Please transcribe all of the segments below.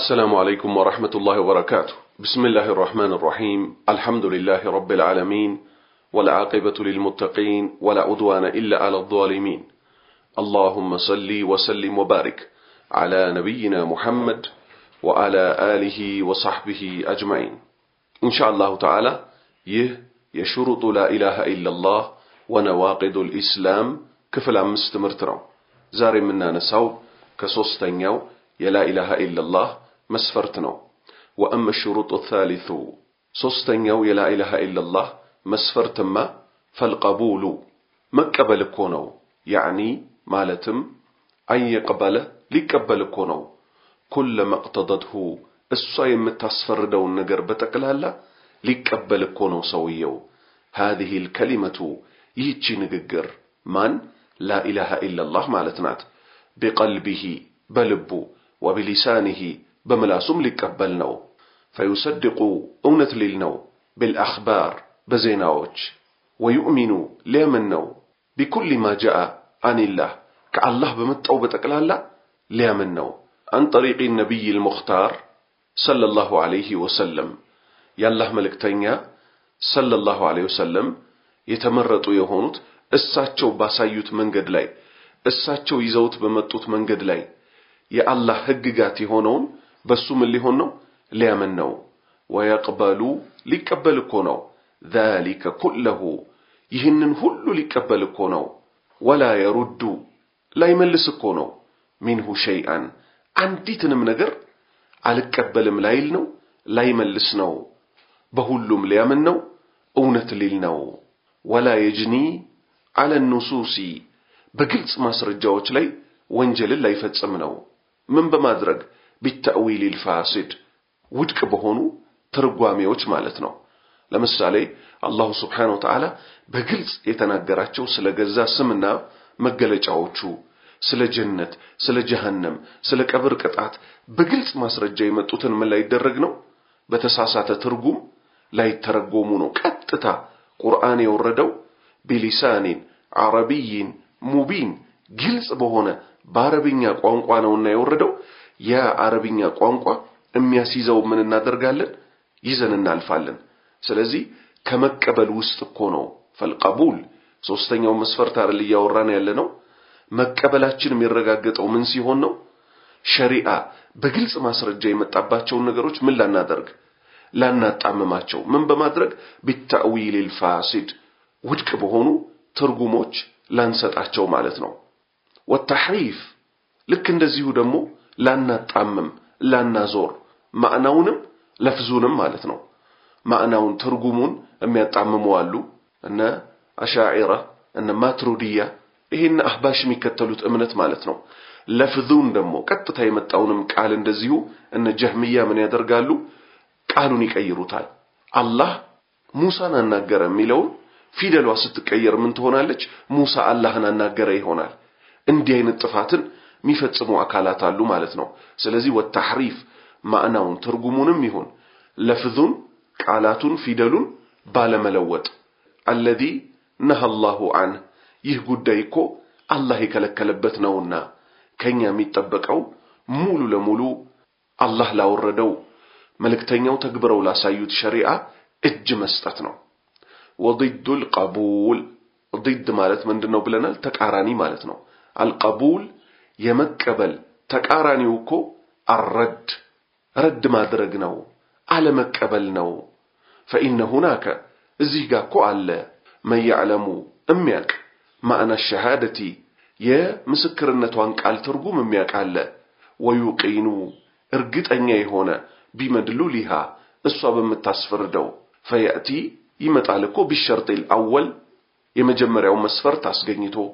السلام عليكم ورحمة الله وبركاته بسم الله الرحمن الرحيم الحمد لله رب العالمين والعاقبة للمتقين ولا عدوان إلا على الظالمين اللهم صل وسلم وبارك على نبينا محمد وعلى آله وصحبه أجمعين إن شاء الله تعالى يه يشرط لا إله إلا الله ونواقض الإسلام ክፍል አምስት ትምህርት ነው። ዛሬ يلا إله إلا الله مسفرتنو وأما الشروط الثالث سوستن يو لا إله إلا الله مسفرتما فالقبول مكبل كونو يعني مالتم أي قبل لكبل كونو كل ما اقتضته الصيم تصفر دون بتقل هلا لكبل كونو سويو هذه الكلمة يجي نجر من لا إله إلا الله مالتنات بقلبه بلبو وبلسانه በምላሱም ሊቀበል ነው። ፈዩሰድቁ እውነት ሊል ነው። ቢልአኽባር በዜናዎች ወዩእሚኑ ሊያምን ነው። ቢኩሊ ማ ጃአ አኒላህ ከአላህ በመጣው በጠቅላላ ሊያምን ነው። አን ጠሪቂ ነቢይ ልሙኽታር ሰለላሁ ዐለይሂ ወሰለም የአላህ መልእክተኛ ሰለላሁ ዐለይሂ ወሰለም የተመረጡ የሆኑት እሳቸው ባሳዩት መንገድ ላይ እሳቸው ይዘውት በመጡት መንገድ ላይ የአላህ ሕግጋት የሆነውን በሱ ምን ሊሆን ነው? ሊያምን ነው። ወየቅበሉ ሊቀበል እኮ ነው። ዛሊከ ኩለሁ ይህንን ሁሉ ሊቀበል እኮ ነው። ወላ የሩዱ ላይመልስ እኮ ነው። ሚንሁ ሸይአን አንዲትንም ነገር አልቀበልም ላይል ነው፣ ላይመልስ ነው። በሁሉም ሊያምን ነው፣ እውነት ሊል ነው። ወላ የጅኒ አለ ኑሱሲ በግልጽ ማስረጃዎች ላይ ወንጀልን ላይፈጽም ነው። ምን በማድረግ ቢተዊሊል ፋሲድ ውድቅ በሆኑ ትርጓሜዎች ማለት ነው። ለምሳሌ አላሁ ስብሓነሁ ወተዓላ በግልጽ የተናገራቸው ስለ ገዛ ስምና መገለጫዎቹ፣ ስለ ጀነት፣ ስለ ጀሃነም፣ ስለ ቀብር ቅጣት በግልጽ ማስረጃ የመጡትን ምን ላይደረግ ነው? በተሳሳተ ትርጉም ላይ ተረጎሙ ነው። ቀጥታ ቁርአን የወረደው ቢሊሳኒን አረቢይን ሙቢን ግልጽ በሆነ በአረብኛ ቋንቋ ነውና የወረደው የአረብኛ ቋንቋ የሚያስይዘው ምን እናደርጋለን? ይዘን እናልፋለን። ስለዚህ ከመቀበል ውስጥ እኮ ነው ፈልቀቡል ሶስተኛው መስፈርት አይደል እያወራን ያለ ነው። መቀበላችን የሚረጋገጠው ምን ሲሆን ነው? ሸሪዓ በግልጽ ማስረጃ የመጣባቸውን ነገሮች ምን ላናደርግ ላናጣምማቸው፣ ምን በማድረግ ቢታዊል ልፋሲድ ውድቅ በሆኑ ትርጉሞች ላንሰጣቸው ማለት ነው ወተሕሪፍ ልክ እንደዚሁ ደግሞ ላናጣምም ላናዞር ማዕናውንም ለፍዙንም ማለት ነው። ማዕናውን ትርጉሙን የሚያጣምሙ አሉ። እነ አሻዒራ እነ ማትሩዲያ ይሄን አህባሽ የሚከተሉት እምነት ማለት ነው። ለፍዙን ደግሞ ቀጥታ የመጣውንም ቃል እንደዚሁ እነ ጀህሚያ ምን ያደርጋሉ? ቃሉን ይቀይሩታል። አላህ ሙሳን አናገረ የሚለውን ፊደሏ ስትቀየር ምን ትሆናለች? ሙሳ አላህን አናገረ ይሆናል። እንዲህ አይነት ጥፋትን የሚፈጽሙ አካላት አሉ ማለት ነው። ስለዚህ ወተሕሪፍ ማዕናውን ትርጉሙንም ይሁን ለፍዙን ቃላቱን ፊደሉን ባለመለወጥ አለዚ ነሃ አላሁ አንህ ይህ ጉዳይ እኮ አላህ የከለከለበት ነውና ከኛ የሚጠበቀው ሙሉ ለሙሉ አላህ ላወረደው መልእክተኛው ተግብረው ላሳዩት ሸሪዓ እጅ መስጠት ነው። ወዲዱል ቀቡል ዲድ ማለት ምንድን ነው ብለናል? ተቃራኒ ማለት ነው። አልቀቡል يمكبل تكارانيوكو الرد رد ما درقناو على مكبلناو فإن هناك زيغا كوالا ما يعلمو أمياك ما أنا الشهادة يا مسكر النتوان قال ترقوم أمياك على ويوقينو إرقيت أنيه هنا بمدلولها الصواب متاسفر دو فيأتي يمتعلكو بالشرط الأول يمجمر يوم مسفر تاسقينيتو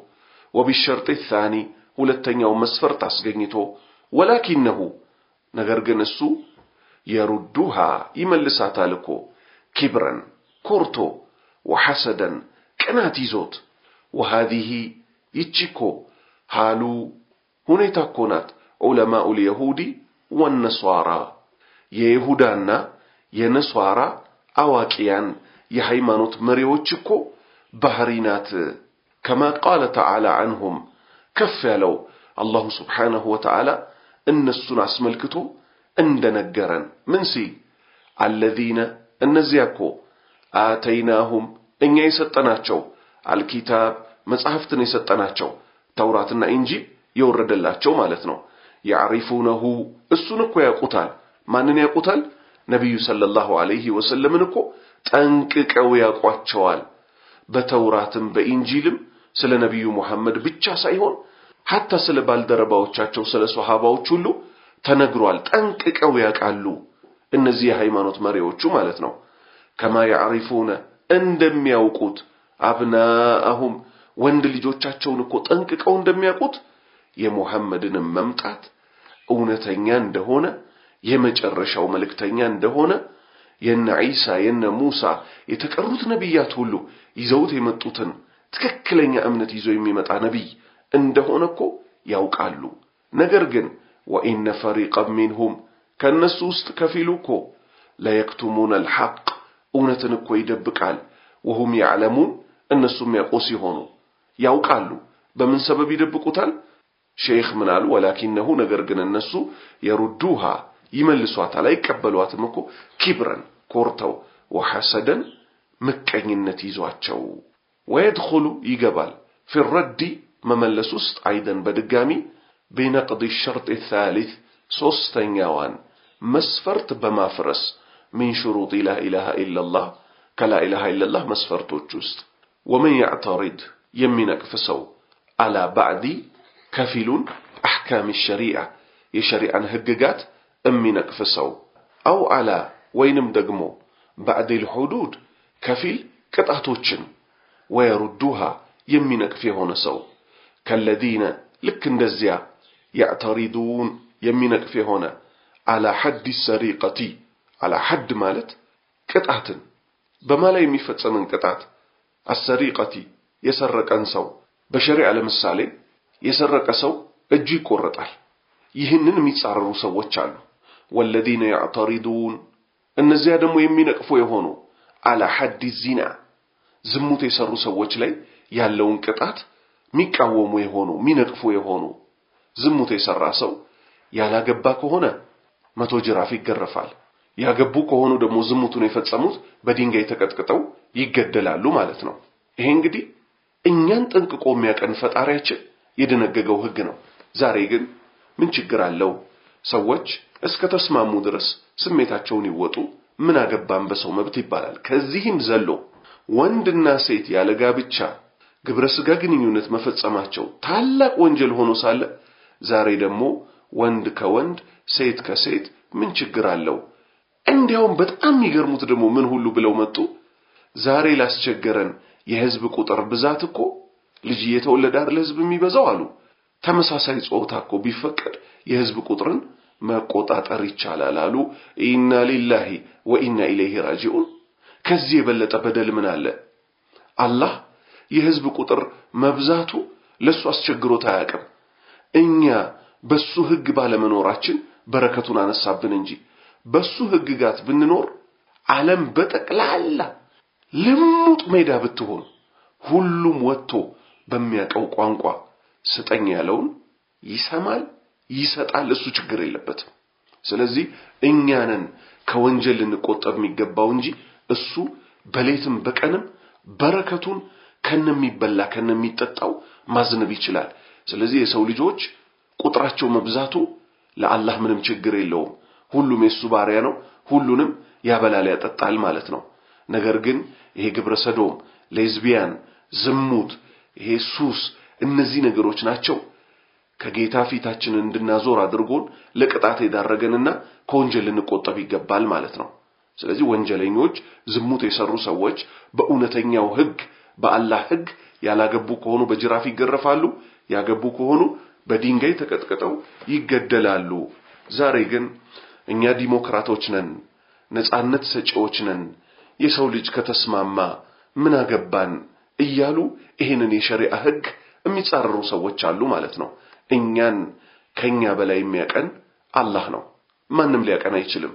وبالشرط الثاني ولتنياو مسفر تاسغنيتو ولكنه نغرغن السو يردوها يملساتا لكو كبرا كورتو وحسدا كناتي زوت وهذه يتشيكو حالو هنا تاكونات علماء اليهودي والنصارى يهودانا ينصارى أواكيان يهيمانوت مريوتشكو بهرينات كما قال تعالى عنهم ከፍ ያለው አላሁ ስብሓነሁ ወተዓላ እነሱን አስመልክቶ እንደነገረን ምን ሲል አለዚነ እነዚያ እኮ አተይናሁም እኛ የሰጠናቸው አልኪታብ መጽሐፍትን የሰጠናቸው ተውራትና ኢንጂል የወረደላቸው ማለት ነው። ያዕሪፉነሁ እሱን እኮ ያውቁታል። ማንን ያውቁታል? ነቢዩ ሰለላሁ ዐለይሂ ወሰለምን እኮ ጠንቅቀው ያውቋቸዋል። በተውራትም በኢንጂልም ስለ ነቢዩ ሙሐመድ ብቻ ሳይሆን ሐታ ስለ ባልደረባዎቻቸው ስለ ሰሃባዎች ሁሉ ተነግሯል። ጠንቅቀው ያውቃሉ። እነዚህ የሃይማኖት መሪዎቹ ማለት ነው። ከማ ያዕሪፉነ እንደሚያውቁት አብናአሁም ወንድ ልጆቻቸውን እኮ ጠንቅቀው እንደሚያውቁት የሙሐመድንም መምጣት እውነተኛ እንደሆነ የመጨረሻው መልእክተኛ እንደሆነ የነ ዒሳ የነ ሙሳ የተቀሩት ነቢያት ሁሉ ይዘውት የመጡትን ትክክለኛ እምነት ይዞ የሚመጣ ነቢይ እንደሆነ እኮ ያውቃሉ። ነገር ግን ወኢነ ፈሪቀን ሚንሁም ከእነሱ ውስጥ ከፊሉ እኮ ለየክቱሙን አልሐቅ እውነትን እኮ ይደብቃል። ወሁም ያዕለሙን እነሱም ያውቁ ሲሆኑ ያውቃሉ። በምን ሰበብ ይደብቁታል? ሼክ ምናሉ ወላኪነሁ ነገር ግን እነሱ የሩዱሃ ይመልሷታል፣ አይቀበሏትም እኮ ኪብረን ኮርተው፣ ወሐሰደን ምቀኝነት ይዟቸው፣ ወየድኹሉ ይገባል ፊረዲ مملسوست عيدن بدقامي بنقضي الشرط الثالث سوستن سوستنجاوان مسفرت بما فرس من شروط لا إله إلا الله كلا إله إلا الله مسفرتو وجست ومن يعترض يمينك فسو على بعد كفل أحكام الشريعة يشريعا هققات امينك فسو أو على وينم دقمو بعد الحدود كفل كتاتوتشن ويردوها يمنك فيهون سو ከለዲነ ልክ እንደዚያ ያዕተሪዱን የሚነቅፍ የሆነ አላ ሐድ ሰሪቀቲ አላ ሐድ ማለት ቅጣትን በማላ የሚፈጸምን ቅጣት አሰሪቀቲ የሰረቀን ሰው በሸሪዓ ለምሳሌ የሰረቀ ሰው እጁ ይቆረጣል። ይህንን የሚጻረሩ ሰዎች አሉ። ወለዚነ ያዕተሪዱን እነዚያ ደግሞ የሚነቅፉ የሆኑ አላ ሐድ ዚና ዝሙት የሰሩ ሰዎች ላይ ያለውን ቅጣት የሚቃወሙ የሆኑ የሚነቅፉ የሆኑ ዝሙት የሰራ ሰው ያላገባ ከሆነ መቶ ጅራፍ ይገረፋል። ያገቡ ከሆኑ ደግሞ ዝሙቱን የፈጸሙት በድንጋይ ተቀጥቅጠው ይገደላሉ ማለት ነው። ይሄ እንግዲህ እኛን ጠንቅቆ የሚያቀን ፈጣሪያችን የደነገገው ሕግ ነው። ዛሬ ግን ምን ችግር አለው? ሰዎች እስከ ተስማሙ ድረስ ስሜታቸውን ይወጡ። ምን አገባን በሰው መብት ይባላል። ከዚህም ዘሎ ወንድና ሴት ያለ ጋብቻ ግብረ ስጋ ግንኙነት መፈጸማቸው ታላቅ ወንጀል ሆኖ ሳለ ዛሬ ደግሞ ወንድ ከወንድ ሴት ከሴት ምን ችግር አለው? እንዲያውም በጣም የሚገርሙት ደግሞ ምን ሁሉ ብለው መጡ። ዛሬ ላስቸገረን የህዝብ ቁጥር ብዛት እኮ ልጅ እየተወለደ አይደል ህዝብ የሚበዛው አሉ። ተመሳሳይ ጾታ እኮ ቢፈቀድ የህዝብ ቁጥርን መቆጣጠር ይቻላል አሉ። ኢና ሊላሂ ወኢና ኢለይሂ ራጂኡን። ከዚህ የበለጠ በደል ምን አለ? አላህ የህዝብ ቁጥር መብዛቱ ለሱ አስቸግሮት አያውቅም። እኛ በሱ ህግ ባለመኖራችን በረከቱን አነሳብን እንጂ በሱ ህግጋት ብንኖር ዓለም በጠቅላላ ልሙጥ ሜዳ ብትሆን ሁሉም ወጥቶ በሚያውቀው ቋንቋ ስጠኝ ያለውን ይሰማል፣ ይሰጣል። እሱ ችግር የለበትም። ስለዚህ እኛንን ከወንጀል ልንቆጠብ የሚገባው እንጂ እሱ በሌትም በቀንም በረከቱን ከነሚበላ ከነሚጠጣው ማዝነብ ይችላል። ስለዚህ የሰው ልጆች ቁጥራቸው መብዛቱ ለአላህ ምንም ችግር የለውም። ሁሉም የሱ ባሪያ ነው። ሁሉንም ያበላል ያጠጣል ማለት ነው። ነገር ግን ይሄ ግብረ ሰዶም፣ ሌዝቢያን፣ ዝሙት፣ ይሄ ሱስ እነዚህ ነገሮች ናቸው ከጌታ ፊታችንን እንድናዞር አድርጎን ለቅጣት የዳረገንና ከወንጀል ልንቆጠብ ይገባል ማለት ነው። ስለዚህ ወንጀለኞች፣ ዝሙት የሰሩ ሰዎች በእውነተኛው ሕግ በአላህ ህግ ያላገቡ ከሆኑ በጅራፍ ይገረፋሉ፣ ያገቡ ከሆኑ በድንጋይ ተቀጥቅጠው ይገደላሉ። ዛሬ ግን እኛ ዲሞክራቶች ነን፣ ነጻነት ሰጪዎች ነን፣ የሰው ልጅ ከተስማማ ምን አገባን እያሉ ይህንን የሸሪዓ ህግ የሚጻረሩ ሰዎች አሉ ማለት ነው። እኛን ከኛ በላይ የሚያቀን አላህ ነው። ማንም ሊያቀን አይችልም።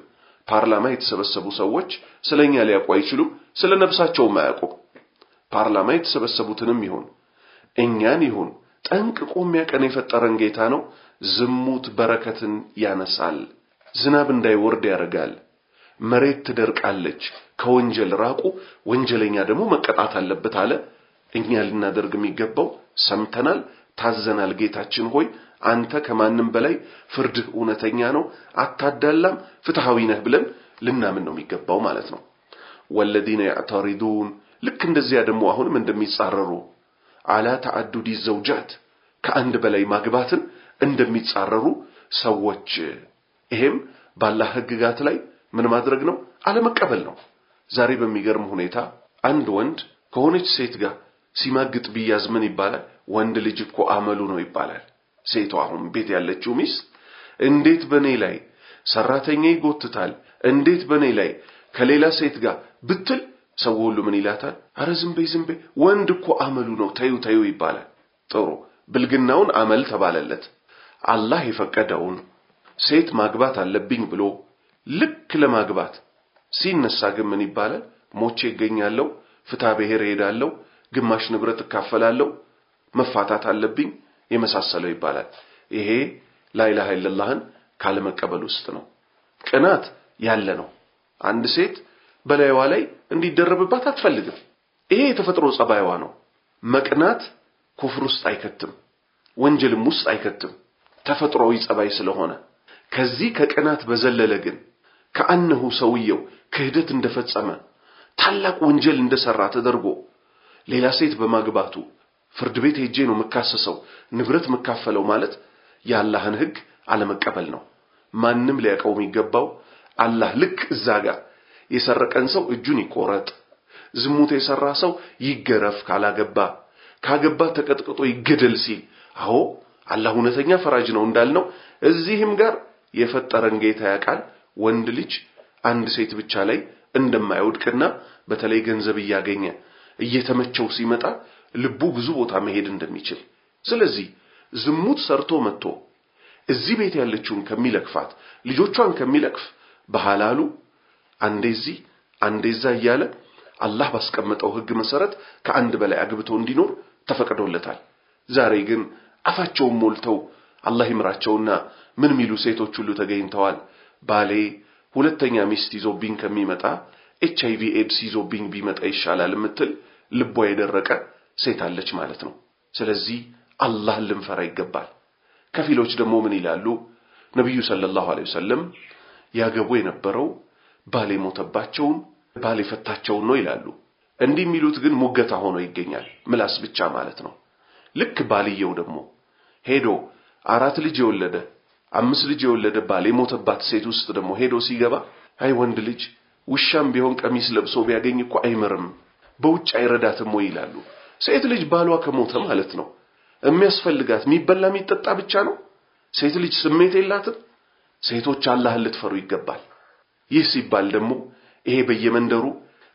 ፓርላማ የተሰበሰቡ ሰዎች ስለኛ ሊያውቁ አይችሉም፣ ስለ ነፍሳቸውም ፓርላማ የተሰበሰቡትንም ይሁን እኛን ይሁን ጠንቅቆ የሚያውቀን የፈጠረን ጌታ ነው። ዝሙት በረከትን ያነሳል፣ ዝናብ እንዳይወርድ ያደርጋል፣ መሬት ትደርቃለች። ከወንጀል ራቁ፣ ወንጀለኛ ደግሞ መቀጣት አለበት አለ። እኛ ልናደርግ የሚገባው ሰምተናል፣ ታዘናል። ጌታችን ሆይ አንተ ከማንም በላይ ፍርድህ እውነተኛ ነው፣ አታዳላም፣ ፍትሐዊ ነህ ብለን ልናምን ነው የሚገባው ማለት ነው። ወለዚነ ያዕተሪዱን ልክ እንደዚያ ደግሞ አሁንም እንደሚጻረሩ አላ ተዓዱዲ ዘውጃት ከአንድ በላይ ማግባትን እንደሚጻረሩ ሰዎች ይሄም ባላህ ህግጋት ላይ ምን ማድረግ ነው? አለመቀበል ነው። ዛሬ በሚገርም ሁኔታ አንድ ወንድ ከሆነች ሴት ጋር ሲማግጥ ቢያዝ ምን ይባላል? ወንድ ልጅ እኮ አመሉ ነው ይባላል። ሴቷ አሁን ቤት ያለችው ሚስት እንዴት በኔ ላይ ሰራተኛ ይጎትታል፣ እንዴት በኔ ላይ ከሌላ ሴት ጋር ብትል ሰው ሁሉ ምን ይላታል? አረ ዝም በይ ዝም በይ፣ ወንድ እኮ አመሉ ነው፣ ተዩ ተዩ ይባላል። ጥሩ ብልግናውን አመል ተባለለት። አላህ የፈቀደውን ሴት ማግባት አለብኝ ብሎ ልክ ለማግባት ሲነሳ ግን ምን ይባላል? ሞቼ ይገኛለው ፍትሐ ብሔር እሄዳለሁ፣ ግማሽ ንብረት እካፈላለሁ፣ መፋታት አለብኝ የመሳሰለው ይባላል። ይሄ ላኢላሃ ኢለላህን ካለመቀበል ውስጥ ነው። ቅናት ያለ ነው። አንድ ሴት በላይዋ ላይ እንዲደረብባት አትፈልግም። ይሄ የተፈጥሮ ጸባይዋ ነው። መቅናት ኩፍር ውስጥ አይከትም፣ ወንጀልም ውስጥ አይከትም። ተፈጥሮዊ ጸባይ ስለሆነ ከዚህ ከቅናት በዘለለ ግን ከአነሁ ሰውየው ክህደት እንደፈጸመ ታላቅ ወንጀል እንደሰራ ተደርጎ ሌላ ሴት በማግባቱ ፍርድ ቤት ሄጄ ነው የምካሰሰው፣ ንብረት የምካፈለው ማለት የአላህን ሕግ አለመቀበል ነው። ማንም ሊያውቀው የሚገባው አላህ ልክ እዛ ጋር የሰረቀን ሰው እጁን ይቆረጥ፣ ዝሙት የሰራ ሰው ይገረፍ፣ ካላገባ ካገባ ተቀጥቅጦ ይገደል ሲል አዎ አላህ እውነተኛ ፈራጅ ነው እንዳልነው እዚህም ጋር የፈጠረን ጌታ ያውቃል ወንድ ልጅ አንድ ሴት ብቻ ላይ እንደማይወድቅና በተለይ ገንዘብ እያገኘ እየተመቸው ሲመጣ ልቡ ብዙ ቦታ መሄድ እንደሚችል። ስለዚህ ዝሙት ሰርቶ መጥቶ እዚህ ቤት ያለችውን ከሚለክፋት ልጆቿን ከሚለክፍ በሐላሉ አንዴዚህ አንዴዛ አንዴ እያለ አላህ ባስቀመጠው ህግ መሰረት ከአንድ በላይ አግብቶ እንዲኖር ተፈቅዶለታል። ዛሬ ግን አፋቸውን ሞልተው አላህ ይምራቸውና ምን ሚሉ ሴቶች ሁሉ ተገኝተዋል። ባሌ ሁለተኛ ሚስት ይዞብኝ ከሚመጣ ኤች አይቪ ኤድስ ይዞብኝ ቢመጣ ይሻላል የምትል ልቧ የደረቀ ሴት አለች ማለት ነው። ስለዚህ አላህን ልንፈራ ይገባል። ከፊሎች ደግሞ ምን ይላሉ? ነቢዩ ሰለላሁ ዐለይሂ ወሰለም ያገቡ የነበረው ባል የሞተባቸውን ባል የፈታቸውን ነው ይላሉ። እንዲህ የሚሉት ግን ሙገታ ሆኖ ይገኛል፣ ምላስ ብቻ ማለት ነው። ልክ ባልየው ደግሞ ሄዶ አራት ልጅ የወለደ አምስት ልጅ የወለደ ባል የሞተባት ሴት ውስጥ ደግሞ ሄዶ ሲገባ አይ ወንድ ልጅ ውሻም ቢሆን ቀሚስ ለብሶ ቢያገኝ እኮ አይምርም፣ በውጭ አይረዳትም ወይ ይላሉ። ሴት ልጅ ባሏ ከሞተ ማለት ነው የሚያስፈልጋት የሚበላ የሚጠጣ ብቻ ነው። ሴት ልጅ ስሜት የላትም። ሴቶች አላህን ልትፈሩ ይገባል። ይህ ሲባል ደግሞ ይሄ በየመንደሩ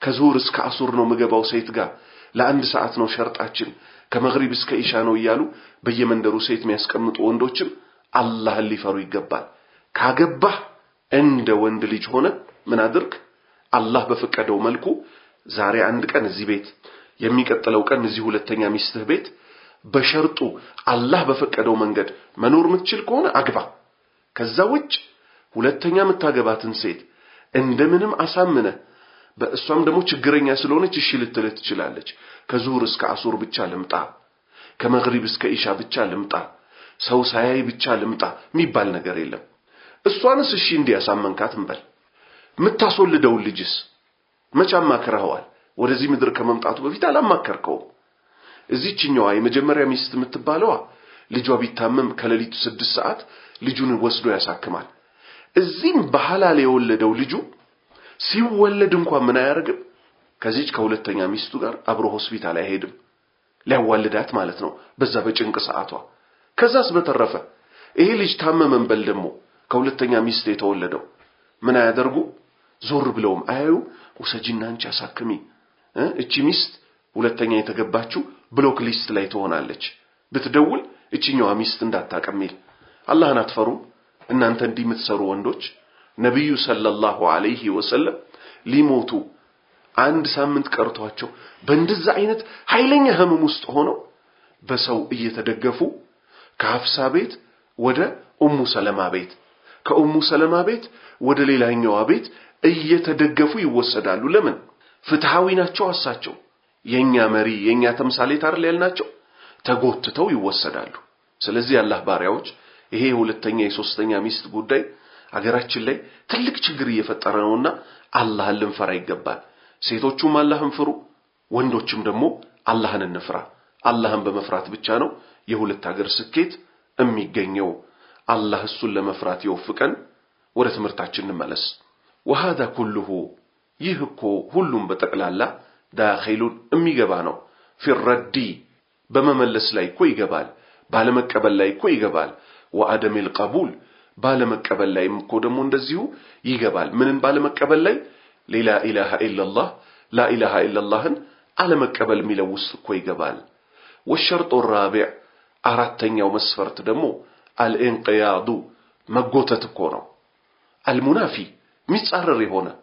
ከዙር እስከ አሱር ነው ምገባው ሴት ጋር ለአንድ ሰዓት ነው ሸርጣችን፣ ከመግሪብ እስከ ኢሻ ነው እያሉ በየመንደሩ ሴት የሚያስቀምጡ ወንዶችም አላህን ሊፈሩ ይገባል። ካገባህ እንደ ወንድ ልጅ ሆነ ምን አድርግ፣ አላህ በፈቀደው መልኩ ዛሬ አንድ ቀን እዚህ ቤት፣ የሚቀጥለው ቀን እዚህ ሁለተኛ ሚስትህ ቤት፣ በሸርጡ አላህ በፈቀደው መንገድ መኖር የምትችል ከሆነ አግባ። ከዛ ውጭ ሁለተኛ የምታገባትን ሴት እንደምንም አሳምነ በእሷም ደግሞ ችግረኛ ስለሆነች እሺ ልትልህ ትችላለች። ከዙር እስከ አሱር ብቻ ልምጣ፣ ከመግሪብ እስከ ኢሻ ብቻ ልምጣ፣ ሰው ሳያይ ብቻ ልምጣ የሚባል ነገር የለም። እሷንስ እሺ እንዲያሳመንካት እንበል። የምታስወልደውን ልጅስ መቼ አማክረኸዋል? ወደዚህ ምድር ከመምጣቱ በፊት አላማከርከውም። እዚችኛዋ የመጀመሪያ ሚስት የምትባለዋ ልጇ ቢታመም ከሌሊቱ ስድስት ሰዓት ልጁን ወስዶ ያሳክማል። እዚህም በሐላል የወለደው ልጁ ሲወለድ እንኳን ምን አያደርግም? ከዚች ከሁለተኛ ሚስቱ ጋር አብሮ ሆስፒታል አይሄድም፣ ሊያዋልዳት ማለት ነው፣ በዛ በጭንቅ ሰዓቷ። ከዛስ በተረፈ ይሄ ልጅ ታመመን በል ደግሞ ከሁለተኛ ሚስት የተወለደው ምን አያደርጉ? ዞር ብለውም አያዩ። ውሰጂና አንቺ አሳክሚ፣ እቺ ሚስት ሁለተኛ የተገባችው ብሎክ ሊስት ላይ ትሆናለች፣ ብትደውል እችኛዋ ሚስት እንዳታቀሚል። አላህን አትፈሩም? እናንተ እንዲህ የምትሰሩ ወንዶች ነቢዩ ሰለላሁ ዐለይሂ ወሰለም ሊሞቱ አንድ ሳምንት ቀርቷቸው በእንደዛ አይነት ኃይለኛ ህመም ውስጥ ሆነው በሰው እየተደገፉ ከሐፍሳ ቤት ወደ ኡሙ ሰለማ ቤት ከኡሙ ሰለማ ቤት ወደ ሌላኛዋ ቤት እየተደገፉ ይወሰዳሉ። ለምን? ፍትሃዊ ናቸው። አሳቸው የኛ መሪ የኛ ተምሳሌ አይደል ያልናቸው ተጎትተው ይወሰዳሉ። ስለዚህ አላህ ባሪያዎች ይሄ የሁለተኛ የሶስተኛ ሚስት ጉዳይ አገራችን ላይ ትልቅ ችግር እየፈጠረ ነውና አላህን ልንፈራ ይገባል። ሴቶቹም አላህን ፍሩ፣ ወንዶችም ደግሞ አላህን እንፍራ። አላህን በመፍራት ብቻ ነው የሁለት ሀገር ስኬት የሚገኘው። አላህ እሱን ለመፍራት ይወፍቀን። ወደ ትምህርታችን እንመለስ። ወሃዳ ኩልሁ ይህ እኮ ሁሉም በጠቅላላ ዳኺሉን የሚገባ ነው። ፊረዲ በመመለስ ላይ እኮ ይገባል፣ ባለመቀበል ላይ እኮ ይገባል። وعدم القبول بالمكبل لاي مكودم وندزيو يقبال من بالمكبل لاي للا إله إلا الله لا إله إلا الله على مكبل ميلا وسلكو يقبال والشرط الرابع أردتن يوم السفرت دمو الإنقياد مقوتة تكونو المنافي متعرري هنا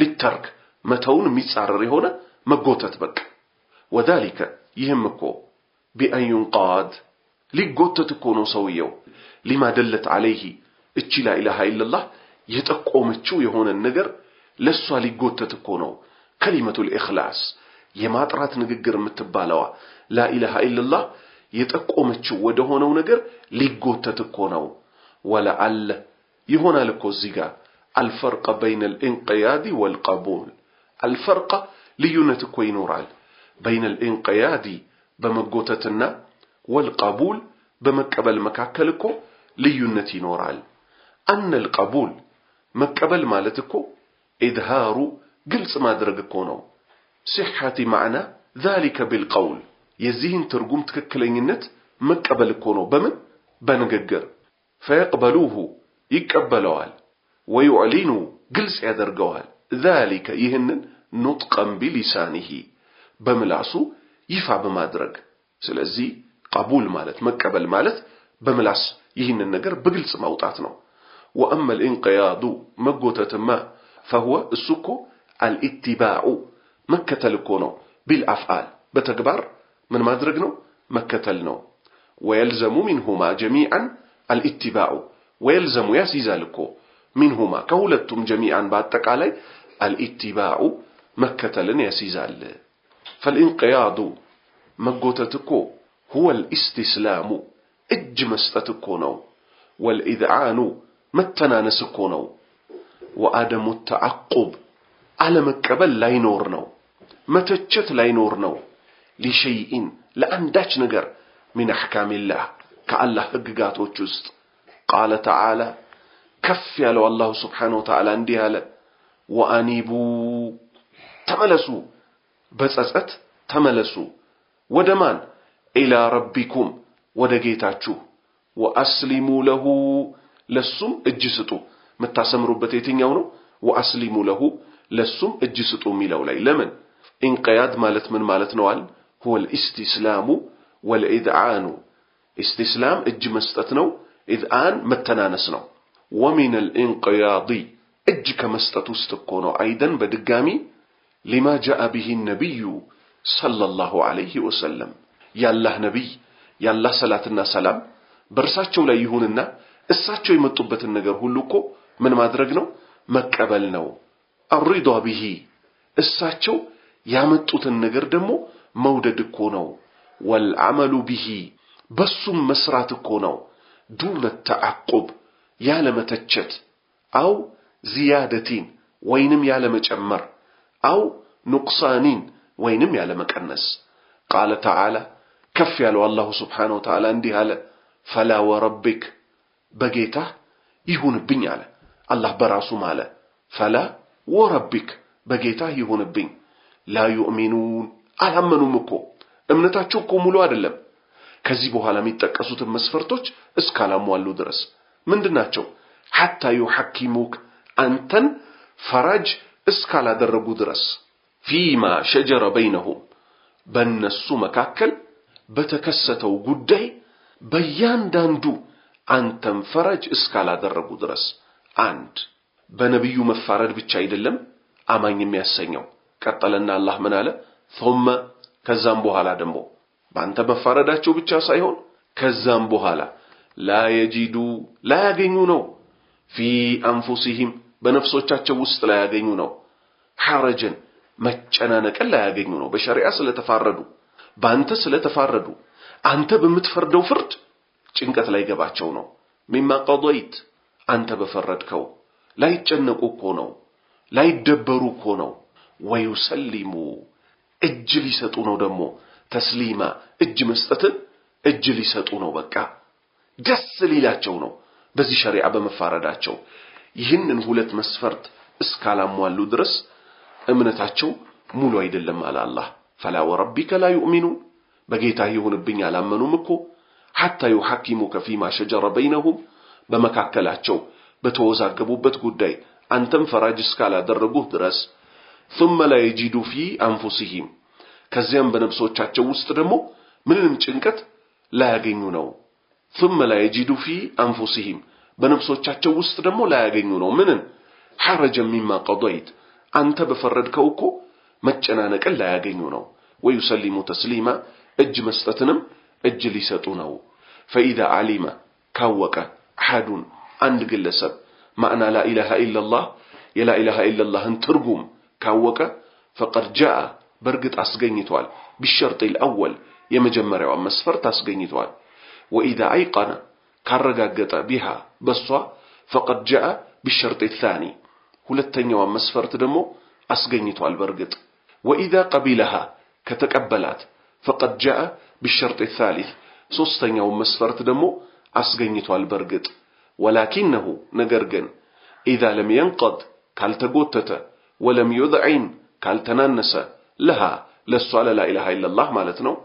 للترك متون متعرري هنا مقوتة بك وذلك يهمكو بأن ينقاد لقوتة تكونو سويو لما دلت عليه اتشي لا إله إلا الله يتقوم اتشو يهون النقر لسوا لقوتة تكونو كلمة الإخلاص يماطرات نقر متبالوا لا إله إلا الله يتقوم اتشو ودهونو نقر لقوتة تكونو ولعل يهون لكو الزيقى الفرق بين الإنقياد والقبول الفرق ليونتكو نورال بين الإنقياد بمقوتتنا والقبول بمكبل مكاكلكو ልዩነት ይኖራል። አነል ቀቡል መቀበል ማለት እኮ ኢድሃሩ ግልጽ ማድረግ እኮ ነው። ሲሐቲ ማዕና ዛሊከ ቢልቀውል የዚህን ትርጉም ትክክለኝነት መቀበል እኮ ነው። በምን በንግግር ፈየቅበሉሁ ይቀበለዋል። ወዩዕሊኑ ግልጽ ያደርገዋል። ዛሊከ ይህንን ኑጥቀን ቢሊሳኒሂ በምላሱ ይፋ በማድረግ ስለዚህ ቀቡል ማለት መቀበል ማለት بملاس يهن النجر بجلس ما وطعتنه وأما الإنقياد مجوتة ما فهو السكو الاتباع مكة لكونه بالأفعال بتكبر من ما درجنه مكة لنا ويلزم منهما جميعا الاتباع ويلزم ياسي ذلكو منهما كولتم جميعا بعد علي الاتباع مكة لن ياسي فالانقياد مقوتتكو هو الاستسلام እጅ መስጠት እኮ ነው። ወልኢዝዓኑ መተናነስ እኮ ነው። ወአደሙ ተዓቁብ አለመቀበል ላይኖር ነው። መተቸት ላይኖር ነው። ሊሸይኢን ለአንዳች ነገር ሚን አሕካሚላህ ከአላህ ሕግጋቶች ውስጥ ቃለ ተዓላ ከፍ ያለው አላሁ ስብሓነሁ ወተዓላ እንዲህ አለ፣ ወአኒቡ ተመለሱ፣ በጸጸት ተመለሱ ወደ ማን ኢላ ረቢኩም ودا جيتاچو واسلموا له لسوم اجسطو متاسمرو بتيتينياو نو واسلموا له لسوم اجسطو ميلاو لاي لمن انقياد مالت من مالت نوال هو الاستسلام والاذعان استسلام اج مسطت نو اذعان متنانس نو ومن الانقياض اج كمسطت استكونو ايضا بدغامي لما جاء به النبي صلى الله عليه وسلم يا الله نبي የአላህ ሰላትና ሰላም በእርሳቸው ላይ ይሁንና እሳቸው የመጡበትን ነገር ሁሉ እኮ ምን ማድረግ ነው? መቀበል ነው። አሪዷ ቢሂ እሳቸው ያመጡትን ነገር ደግሞ መውደድ እኮ ነው። ወልዓመሉ ቢሂ በሱም መስራት እኮ ነው። ዱነ ተዓቁብ ያለመተቸት፣ አው ዚያደቲን ወይንም ያለመጨመር፣ አው ኑቅሳኒን ወይንም ያለመቀነስ ቃለ ተዓላ ከፍ ያለው አላሁ ስብሓነሁ ወተዓላ እንዲህ አለ፣ ፈላ ወረቢክ በጌታህ ይሁንብኝ አለ። አላህ በራሱም አለ፣ ፈላ ወረቢክ በጌታህ ይሁንብኝ። ላ ዩእሚኑን አላመኑም እኮ እምነታቸው እኮ ሙሉ አይደለም። ከዚህ በኋላ የሚጠቀሱትን መስፈርቶች እስካላሟሉ ድረስ ናቸው? ሐታ ዩሐኪሙክ አንተን ፈራጅ እስካላደረጉ ድረስ ፊማ ሸጀረ በይነሁም በእነሱ መካከል በተከሰተው ጉዳይ በእያንዳንዱ አንተም ፈረጅ እስካላደረጉ ድረስ አንድ በነቢዩ መፋረድ ብቻ አይደለም አማኝ የሚያሰኘው። ቀጠለና አላህ ምን አለ? ثم ከዛም በኋላ ደግሞ በአንተ መፋረዳቸው ብቻ ሳይሆን ከዛም በኋላ ላየጂዱ የጂዱ ላያገኙ ነው ፊ አንፉሲሂም በነፍሶቻቸው ውስጥ ላያገኙ ነው ሐረጀን መጨናነቅን ላያገኙ ነው በሸሪዓ ስለተፋረዱ በአንተ ስለተፋረዱ አንተ በምትፈርደው ፍርድ ጭንቀት ላይ ገባቸው ነው። ሚማ ቀዶይት አንተ በፈረድከው ላይጨነቁ እኮ ነው፣ ላይደበሩ እኮ ነው። ወዩሰሊሙ እጅ ሊሰጡ ነው ደግሞ ተስሊማ እጅ መስጠትን እጅ ሊሰጡ ነው። በቃ ደስ ሊላቸው ነው በዚህ ሸሪዓ በመፋረዳቸው። ይህንን ሁለት መስፈርት እስካላሟሉ ድረስ እምነታቸው ሙሉ አይደለም አለ አላህ። ፈላ ወረቢከ ላ ዩእሚኑን በጌታ ይሁንብኝ አላመኑም እኮ ሐታ ዩሐኪሙከ ፊማ ሸጀረ በይነሁም በመካከላቸው በተወዛገቡበት ጉዳይ አንተም ፈራጅ እስካላደረጉህ ድረስ ثመ ላ የጂዱ ፊ አንፉሲሂም ከዚያም በነብሶቻቸው ውስጥ ደግሞ ምንንም ጭንቀት ላያገኙ ነው። ثم لا يجدوا في انفسهم በነብሶቻቸው ውስጥ ደግሞ ላያገኙ ነው ምንን ሐረጀ ሚማ ቀضይት አንተ በፈረድከው እኮ متشنانك لا يجينونه ويسلم تسليما اج مستتنم فإذا علم كوك حاد عند قلسب ما أنا لا إله إلا الله يا لا إله إلا الله ان ترقوم كوك فقد جاء برقت أسقيني توال بالشرط الأول يمجمري وما سفرت أسقيني وإذا أيقن كرقا قطع بها بصوا فقد جاء بالشرط الثاني ولتني وما سفرت دمو أسقيني توال برقت وإذا قبلها كتقبلات فقد جاء بالشرط الثالث سوستن يوم مسفرت دمو أسجن يتوال برقد ولكنه نقرقن إذا لم ينقض كالتقوتت ولم يضعين كالتنانس لها للسؤال لا إله إلا الله مالتنا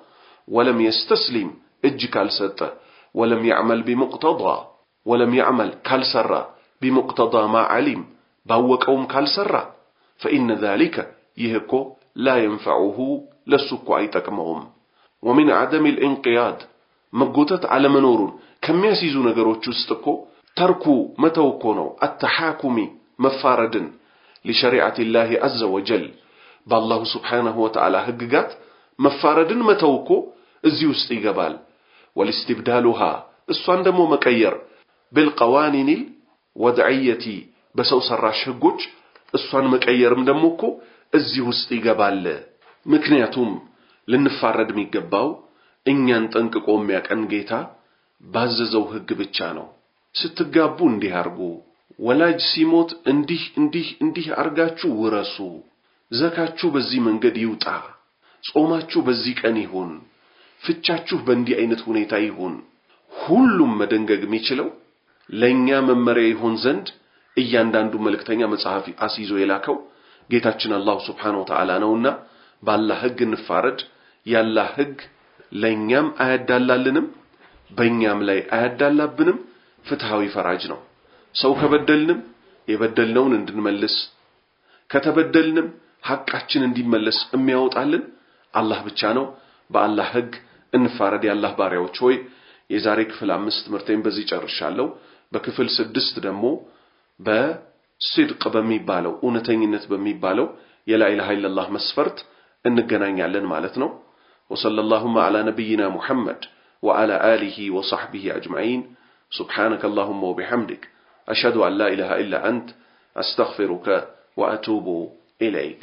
ولم يستسلم إج كالست ولم يعمل بمقتضى ولم يعمل كالسرة بمقتضى ما علم باوك أوم كالسرة فإن ذلك يهكو ላ የንፈዑሁ ለሱ እኮ አይጠቅመውም። ወሚን ዐደም ልእንቅያድ መጎተት አለመኖሩን ከሚያስይዙ ነገሮች ውስጥ እኮ ተርኩ መተው እኮ ነው። አተሓኩሚ መፋረድን ሊሸሪዓት ላሂ አዘ ወጀል በአላሁ ስብሓነሁ ወተዓላ ህግጋት መፋረድን መተው እኮ እዚህ ውስጥ ይገባል። ወልስትብዳሉሃ እሷን ደግሞ መቀየር ቢልቀዋኒኒል ወድዕየቲ በሰው ሰራሽ ህጎች እሷን መቀየርም ደግሞ እኮ እዚህ ውስጥ ይገባል። ምክንያቱም ልንፋረድ የሚገባው እኛን ጠንቅቆ የሚያቀን ጌታ ባዘዘው ሕግ ብቻ ነው። ስትጋቡ እንዲህ አርጉ፣ ወላጅ ሲሞት እንዲህ እንዲህ እንዲህ አርጋችሁ ውረሱ፣ ዘካችሁ በዚህ መንገድ ይውጣ፣ ጾማችሁ በዚህ ቀን ይሁን፣ ፍቻችሁ በእንዲህ አይነት ሁኔታ ይሁን። ሁሉም መደንገግ የሚችለው ለእኛ መመሪያ ይሆን ዘንድ እያንዳንዱ መልእክተኛ መጽሐፍ አስይዞ የላከው ጌታችን አላሁ ስብሓነሁ ወተዓላ ነውና ባላህ ህግ እንፋረድ። ያላህ ህግ ለእኛም አያዳላልንም፣ በእኛም ላይ አያዳላብንም። ፍትሃዊ ፈራጅ ነው። ሰው ከበደልንም የበደልነውን እንድንመልስ ከተበደልንም ሐቃችን እንዲመለስ የሚያወጣልን አላህ ብቻ ነው። በአላህ ህግ እንፋረድ የአላህ ባሪያዎች ሆይ። የዛሬ ክፍል አምስት ትምህርቴን በዚህ ጨርሻለሁ። በክፍል ስድስት ደግሞ በ صدق ሲድቅ በሚባለው اله الا الله مسفرت ان እንገናኛለን ማለት ነው። وصلى اللهم على نبينا محمد وعلى آله وصحبه أجمعين سبحانك اللهم وبحمدك أشهد أن لا إله إلا أنت أستغفرك وأتوب إليك